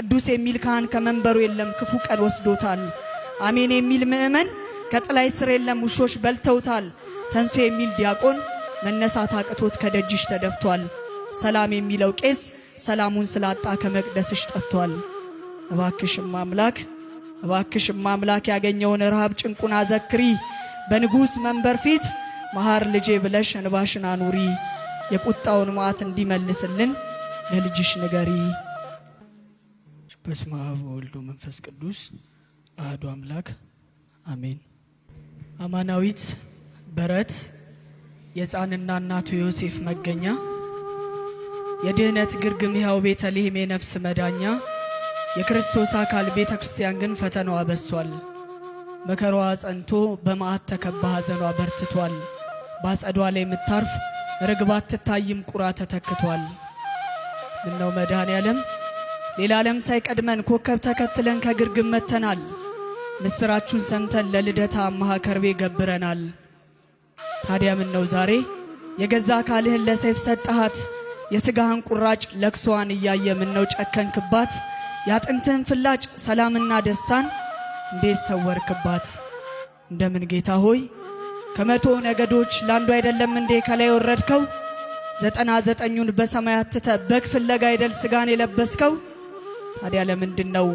ቅዱስ የሚል ካህን ከመንበሩ የለም፣ ክፉ ቀን ወስዶታል። አሜን የሚል ምእመን ከጥላይ ስር የለም፣ ውሾች በልተውታል። ተንሶ የሚል ዲያቆን መነሳት አቅቶት ከደጅሽ ተደፍቷል። ሰላም የሚለው ቄስ ሰላሙን ስላጣ ከመቅደስሽ ጠፍቷል። እባክሽም አምላክ እባክሽም አምላክ ያገኘውን ረሃብ ጭንቁን አዘክሪ። በንጉሥ መንበር ፊት መሐር ልጄ ብለሽ እንባሽን አኑሪ። የቁጣውን መዓት እንዲመልስልን ለልጅሽ ንገሪ። በስመ አብ ወወልድ ወመንፈስ ቅዱስ አህዱ አምላክ አሜን። አማናዊት በረት የሕፃንና እናቱ ዮሴፍ መገኛ የድህነት ግርግም ሕያው ቤተልሔም የነፍስ መዳኛ የክርስቶስ አካል ቤተ ክርስቲያን ግን ፈተናዋ በዝቷል። መከራዋ ጸንቶ በመዓት ተከባ ሐዘኗ በርትቷል። ባጸዷ ላይ የምታርፍ ርግብ አትታይም ቁራ ተተክቷል። ምነው መድኃኔ ዓለም ሌላ ዓለም ሳይቀድመን ኮከብ ተከትለን ከግርግም መተናል። ምስራችሁን ሰምተን ለልደታ ማህከርቤ ገብረናል። ታዲያ ምን ነው ዛሬ የገዛ አካልህን ለሰይፍ ሰጠሃት? የስጋን ቁራጭ ለቅሶዋን እያየ ምን ነው ጨከንክባት? ያጥንትህን ፍላጭ ሰላምና ደስታን እንዴት ሰወርክባት? እንደምን ጌታ ሆይ ከመቶ ነገዶች ለአንዱ አይደለም እንዴ ከላይ ወረድከው? ዘጠና ዘጠኙን በሰማያት ትተ በግ ፍለጋ አይደል ስጋን የለበስከው? ታዲያ ለምንድን ነው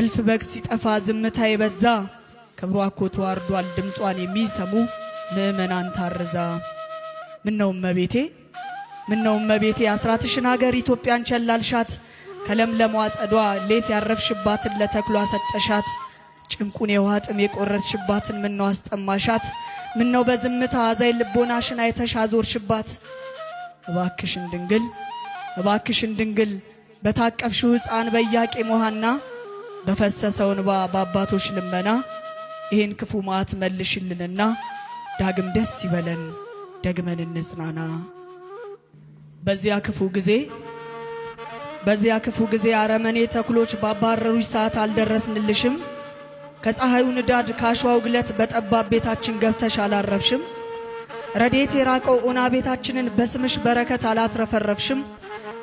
እልፍ በግ ሲጠፋ ዝምታ የበዛ? ክብሯ እኮ ተዋርዷል ድምጿን የሚሰሙ ምእመናን ታርዛ። ምነው እመቤቴ ምነው እመቤቴ አስራትሽን አገር ኢትዮጵያን ቸላልሻት ከለምለሟ ጸዷ ሌት ያረፍሽባትን ለተክሏ ሰጠሻት ጭንቁን የውሃ ጥም የቆረጥሽባትን ምነው አስጠማሻት ምነው በዝምታ አዛይ ልቦናሽን አይተሽ አዞርሽባት እባክሽን ድንግል እባክሽን ድንግል በታቀፍሽው ሕፃን በኢያቄም ውሃና በፈሰሰው እንባ በአባቶች ልመና ይህን ክፉ መዓት መልሽልንና ዳግም ደስ ይበለን ደግመን እንጽናና። በዚያ ክፉ ጊዜ በዚያ ክፉ ጊዜ አረመኔ ተኩሎች ባባረሩሽ ሰዓት አልደረስንልሽም። ከፀሐዩ ንዳድ ከአሸዋው ግለት በጠባብ ቤታችን ገብተሽ አላረፍሽም። ረዴት የራቀው ኡና ቤታችንን በስምሽ በረከት አላትረፈረፍሽም።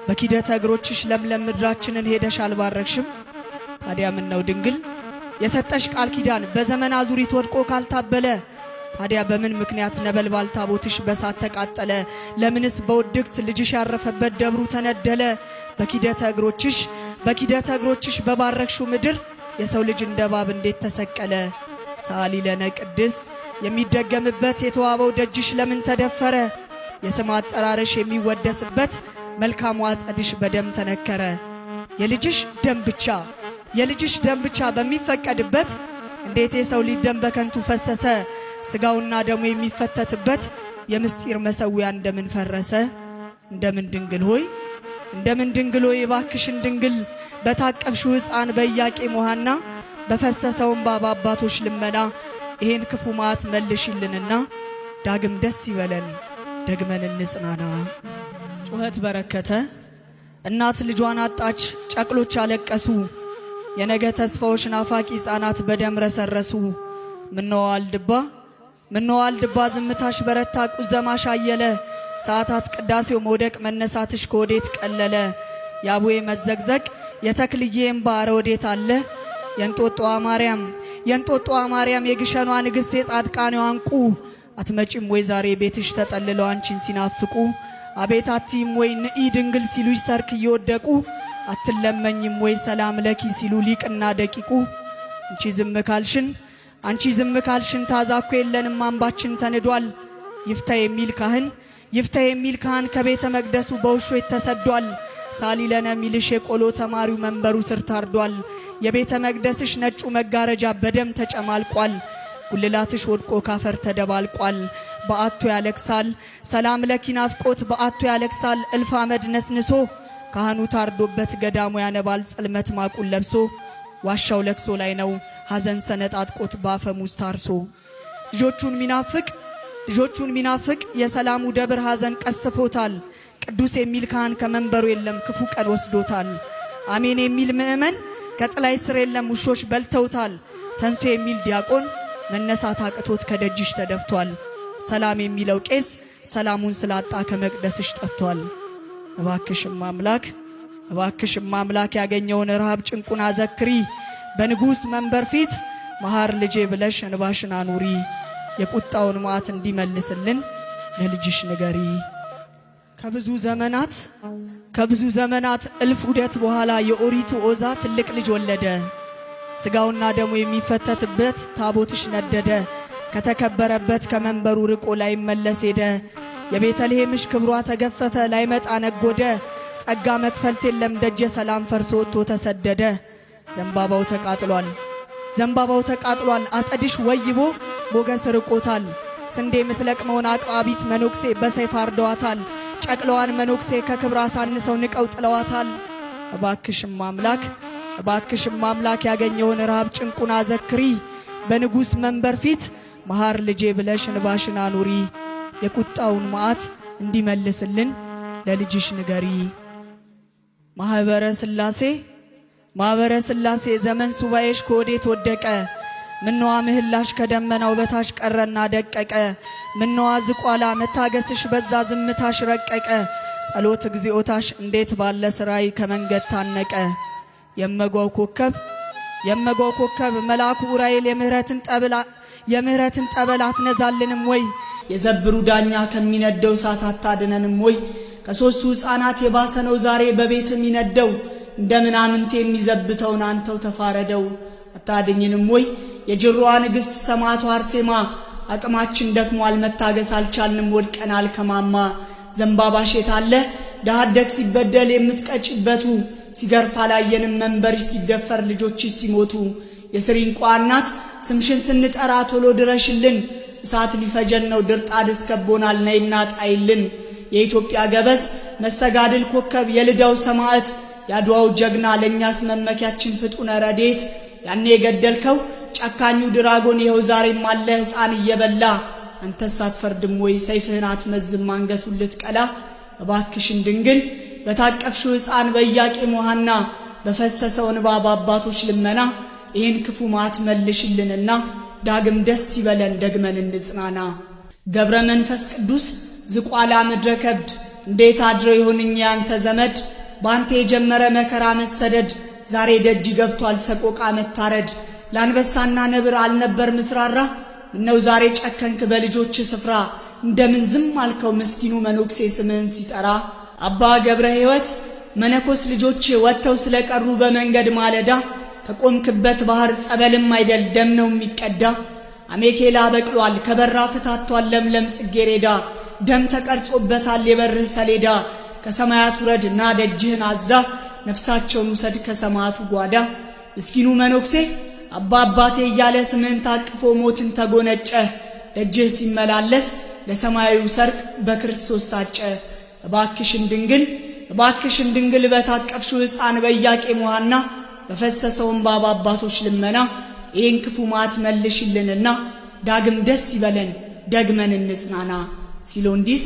በኪደተ እግሮችሽ ለምለም ምድራችንን ሄደሽ አልባረክሽም። ታዲያ ምን ነው ድንግል የሰጠሽ ቃል ኪዳን በዘመን አዙሪት ወድቆ ካልታበለ ታዲያ በምን ምክንያት ነበልባል ታቦትሽ በሳት ተቃጠለ? ለምንስ በውድቅት ልጅሽ ያረፈበት ደብሩ ተነደለ? በኪደተ እግሮችሽ በኪደተ እግሮችሽ በባረክሽው ምድር የሰው ልጅ እንደ ባብ እንዴት ተሰቀለ? ሰአሊ ለነ ቅድስት የሚደገምበት የተዋበው ደጅሽ ለምን ተደፈረ? የስም አጠራረሽ የሚወደስበት መልካሙ አጸድሽ በደም ተነከረ። የልጅሽ ደም ብቻ የልጅሽ ደም ብቻ በሚፈቀድበት እንዴት የሰው ልጅ ደም በከንቱ ፈሰሰ? ስጋውና ደሙ የሚፈተትበት የምስጢር መሰዊያ እንደምን ፈረሰ? እንደምን ድንግል ሆይ እንደምን ድንግል ሆይ እባክሽን ድንግል በታቀፍሽው ሕፃን በኢያቄም ውሃና በፈሰሰውም ባባ አባቶች ልመና ይሄን ክፉ መዓት መልሽልንና ዳግም ደስ ይበለን ደግመን እንጽናና። ጩኸት በረከተ። እናት ልጇን አጣች፣ ጨቅሎች አለቀሱ። የነገ ተስፋዎች ናፋቂ ሕፃናት በደም ረሰረሱ። ምነዋል ድባ ምነዋል ድባ ዝምታሽ በረታ፣ ቁዘማሽ አየለ። ሰዓታት ቅዳሴው መውደቅ መነሳትሽ ከወዴት ቀለለ? የአቡዬ መዘግዘግ የተክልዬ እምባ ኧረ ወዴት አለ? የእንጦጦዋ ማርያም የእንጦጦዋ ማርያም የግሸኗ ንግሥት የጻድቃኔዋ እንቁ አትመጪም ወይ ዛሬ ቤትሽ ተጠልለው አንቺን ሲናፍቁ አቤት አትይም ወይ ንኢ ድንግል ሲሉ ሰርክ እየወደቁ አትለመኝም ወይ ሰላም ለኪ ሲሉ ሊቅና ደቂቁ አንቺ ዝም ካልሽን አንቺ ዝም ካልሽን ታዛኮ የለንም አምባችን ተንዷል። ይፍታ የሚል ካህን ይፍታ የሚል ካህን ከቤተ መቅደሱ በውሾ ተሰዷል። ሳሊለነ ሚልሽ የቆሎ ተማሪው መንበሩ ስር ታርዷል። የቤተ መቅደስሽ ነጩ መጋረጃ በደም ተጨማልቋል። ጉልላትሽ ወድቆ ካፈር ተደባልቋል። በአቶ ያለቅሳል። ሰላም ለኪናፍቆት በአቶ ያለቅሳል። እልፍ አመድ ነስንሶ ካህኑ ታርዶበት ገዳሙ ያነባል። ጽልመት ማቁን ለብሶ ዋሻው ለቅሶ ላይ ነው ሐዘን ሰነጣጥቆት ባፈሙዝ ታርሶ ልጆቹን ሚናፍቅ ልጆቹን ሚናፍቅ የሰላሙ ደብር ሐዘን ቀስፎታል። ቅዱስ የሚል ካህን ከመንበሩ የለም ክፉ ቀን ወስዶታል። አሜን የሚል ምእመን ከጥላይ ስር የለም ውሾች በልተውታል። ተንሶ የሚል ዲያቆን መነሳት አቅቶት ከደጅሽ ተደፍቷል። ሰላም የሚለው ቄስ ሰላሙን ስላጣ ከመቅደስሽ ጠፍቷል። እባክሽም አምላክ እባክሽም አምላክ ያገኘውን ረሃብ ጭንቁን አዘክሪ። በንጉሥ መንበር ፊት መሐር ልጄ ብለሽ እንባሽን አኑሪ። የቁጣውን መዓት እንዲመልስልን ለልጅሽ ንገሪ። ከብዙ ዘመናት ከብዙ ዘመናት እልፍ ውደት በኋላ የኦሪቱ ኦዛ ትልቅ ልጅ ወለደ። ሥጋውና ደሙ የሚፈተትበት ታቦትሽ ነደደ። ከተከበረበት ከመንበሩ ርቆ ላይመለስ ሄደ። የቤተልሔምሽ ክብሯ ተገፈፈ፣ ላይመጣ ነጎደ። ጸጋ መክፈልት የለም ደጀ ሰላም ፈርሶ ወጥቶ ተሰደደ። ዘንባባው ተቃጥሏል፣ ዘንባባው ተቃጥሏል። አጸድሽ ወይቦ ሞገስ ርቆታል። ስንዴ የምትለቅመውን አጥባቢት መኖክሴ በሰይፍ አርደዋታል። ጨቅለዋን መኖክሴ ከክብር አሳንሰው ንቀው ጥለዋታል። እባክሽም አምላክ እባክሽም አምላክ ያገኘውን ረሃብ ጭንቁን አዘክሪ በንጉሥ መንበር ፊት መሐር ልጄ ብለሽ እንባሽን አኑሪ፣ የቁጣውን መዓት እንዲመልስልን ለልጅሽ ንገሪ። ማኅበረ ሥላሴ ማኅበረ ሥላሴ ዘመን ሱባኤሽ ከወዴት ወደቀ? ምነዋ ምህላሽ ከደመናው በታች ቀረና ደቀቀ። ምነዋ ዝቋላ መታገስሽ በዛ ዝምታሽ ረቀቀ። ጸሎት እግዚኦታሽ እንዴት ባለ ስራይ ከመንገድ ታነቀ። የመጓው ኮከብ የመጓው ኮከብ መልአኩ ዑራኤል የምህረትን ጠብላ የምህረትን ጠበል አትነዛልንም ወይ? የዘብሩ ዳኛ ከሚነደው እሳት አታድነንም ወይ? ከሦስቱ ሕፃናት የባሰ ነው ዛሬ በቤት የሚነደው እንደ ምናምንት የሚዘብተውን አንተው ተፋረደው አታድኝንም ወይ? የጅሯ ንግሥት ሰማዕቷ አርሴማ አቅማችን ደክሟል መታገስ አልቻልንም ወድቀናል ከማማ ዘንባባሽ የታለ ዳሃደግ ሲበደል የምትቀጭበቱ ሲገርፋ ላየንም መንበር ሲደፈር ልጆች ሲሞቱ የስሪንቋ እናት ስምሽን ስንጠራ ቶሎ ድረሽልን፣ እሳት ሊፈጀን ነው ድርጣድ እስከቦናል፣ ነይና ጣይልን። የኢትዮጵያ ገበዝ መስተጋድል ኮከብ የልዳው ሰማዕት የአድዋው ጀግና ለእኛስ መመኪያችን ፍጡነ ረዴት ያኔ የገደልከው ጨካኙ ድራጎን ይኸው ዛሬም አለ ሕፃን እየበላ አንተስ አትፈርድም ወይ ሰይፍህን አትመዝም አንገቱን ልትቀላ እባክሽን ድንግል በታቀፍሽው ሕፃን በኢያቄም ወሐና በፈሰሰው እንባ በአባቶች ልመና ይህን ክፉ ማት መልሽልንና ዳግም ደስ ይበለን ደግመን እንጽናና። ገብረ መንፈስ ቅዱስ ዝቋላ ምድረ ከብድ እንዴት አድረው ይሁንኝ ያንተ ዘመድ ባንተ የጀመረ መከራ መሰደድ ዛሬ ደጅ ገብቷል ሰቆቃ መታረድ ለአንበሳና ነብር አልነበር ምትራራ እነው ዛሬ ጨከንክ በልጆች ስፍራ እንደምን ዝም አልከው ምስኪኑ መኖክሴ ስምህን ሲጠራ አባ ገብረ ሕይወት መነኮስ ልጆቼ ወጥተው ስለቀሩ በመንገድ ማለዳ ከቆምክበት ባህር ጸበልም አይደል ደም ነው የሚቀዳ። አሜኬላ በቅሏል ከበራ ፍታቷል ለምለም ጽጌሬዳ ደም ተቀርጾበታል የበርህ ሰሌዳ። ከሰማያት ውረድ ና ደጅህን አዝዳ ነፍሳቸውን ውሰድ ከሰማያቱ ጓዳ። ምስኪኑ መኖክሴ አባ አባቴ እያለ ስምህን ታቅፎ ሞትን ተጎነጨ። ደጅህ ሲመላለስ ለሰማያዊ ሰርቅ በክርስቶስ ታጨ። እባክሽን ድንግል እባክሽን ድንግል በታቀፍሽው ሕፃን በኢያቄም ሐና በፈሰሰው ባባ አባቶች ልመና ይህን ክፉ ማት መልሽልንና ዳግም ደስ ይበለን ደግመን እንጽናና ሲሎንዲስ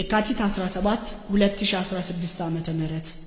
የካቲት 17 2016 ዓ.ም